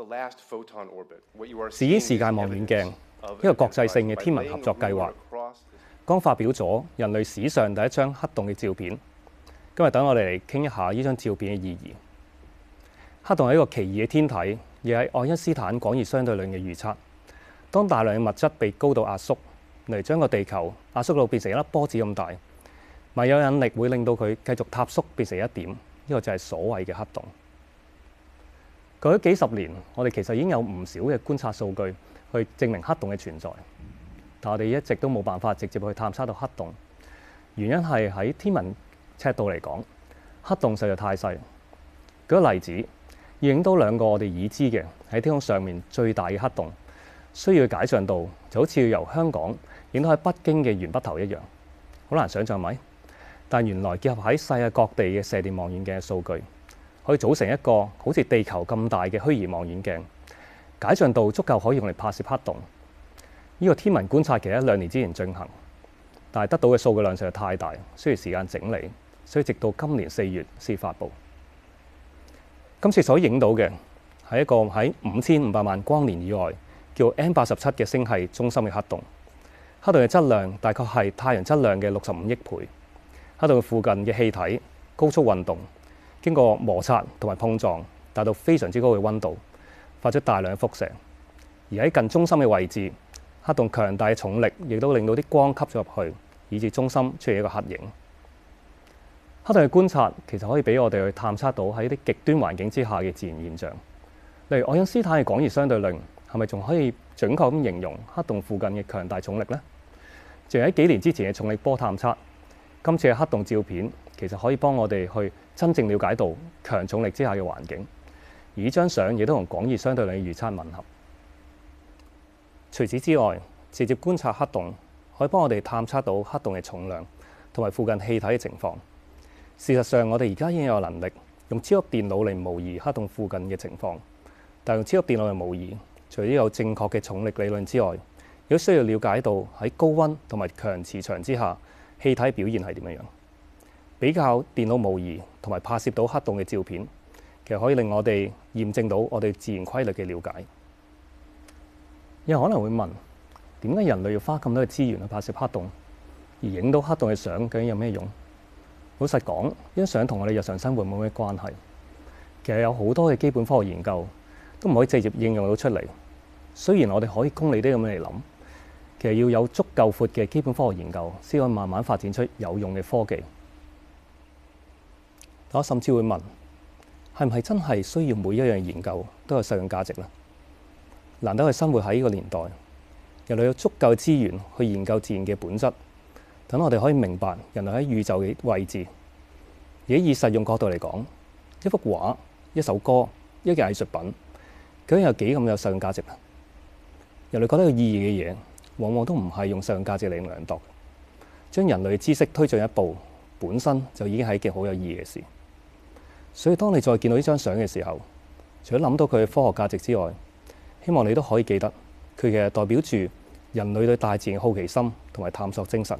事件視界世界望遠鏡，一個國際性嘅天文合作計劃，剛發表咗人類史上第一張黑洞嘅照片。今日等我哋嚟傾一下呢張照片嘅意義。黑洞係一個奇異嘅天體，而係愛因斯坦廣義相對論嘅預測。當大量嘅物質被高度壓縮，嚟將個地球壓縮到變成一粒波子咁大，萬有引力會令到佢繼續塌縮變成一點。呢個就係所謂嘅黑洞。過去幾十年，我哋其實已經有唔少嘅觀察數據去證明黑洞嘅存在，但我哋一直都冇辦法直接去探測到黑洞。原因係喺天文尺度嚟講，黑洞實在太細。舉個例子，要影到兩個我哋已知嘅喺天空上面最大嘅黑洞，需要解像度就好似要由香港影到喺北京嘅鉛筆頭一樣，好難想象，咪？但原來結合喺世界各地嘅射電望遠鏡嘅數據。可以組成一個好似地球咁大嘅虛擬望遠鏡，解像度足夠可以用嚟拍攝黑洞。呢個天文觀察期喺兩年之前進行，但係得到嘅數據量實在太大，需要時間整理，所以直到今年四月先發佈。今次所影到嘅係一個喺五千五百萬光年以外叫 M 八十七嘅星系中心嘅黑洞，黑洞嘅質量大概係太陽質量嘅六十五億倍，黑洞嘅附近嘅氣體高速運動。經過摩擦同埋碰撞，達到非常之高嘅温度，發出大量嘅輻射。而喺近中心嘅位置，黑洞強大嘅重力亦都令到啲光吸咗入去，以至中心出現一個黑影。黑洞嘅觀察其實可以俾我哋去探測到喺啲極端環境之下嘅自然現象。例如愛因斯坦嘅廣義相對論係咪仲可以準確咁形容黑洞附近嘅強大重力呢？仲有喺幾年之前嘅重力波探測，今次嘅黑洞照片。其實可以幫我哋去真正了解到強重力之下嘅環境，而呢張相亦都同廣義相對論嘅預測吻合。除此之外，直接觀察黑洞可以幫我哋探測到黑洞嘅重量同埋附近氣體嘅情況。事實上，我哋而家已經有能力用超級電腦嚟模擬黑洞附近嘅情況，但用超級電腦嚟模擬，除咗有正確嘅重力理論之外，亦都需要了解到喺高温同埋強磁場之下，氣體表現係點樣樣。比較電腦模擬同埋拍攝到黑洞嘅照片，其實可以令我哋驗證到我哋自然規律嘅了解。有可能會問：點解人類要花咁多嘅資源去拍攝黑洞，而影到黑洞嘅相究竟有咩用？老實講，啲相同我哋日常生活冇咩關係。其實有好多嘅基本科學研究都唔可以直接應用到出嚟。雖然我哋可以功利啲咁樣嚟諗，其實要有足夠闊嘅基本科學研究先可以慢慢發展出有用嘅科技。我甚至會問，係唔係真係需要每一樣研究都有實用價值呢？難得我哋生活喺呢個年代，人類有足夠資源去研究自然嘅本質，等我哋可以明白人類喺宇宙嘅位置。而以實用角度嚟講，一幅畫、一首歌、一件藝術品，究竟有幾咁有實用價值呢？人類覺得有意義嘅嘢，往往都唔係用實用價值嚟量度。將人類知識推進一步，本身就已經係一件好有意義嘅事。所以，當你再見到呢張相嘅時候，除咗諗到佢嘅科學價值之外，希望你都可以記得，佢其實代表住人類對大自然嘅好奇心同埋探索精神。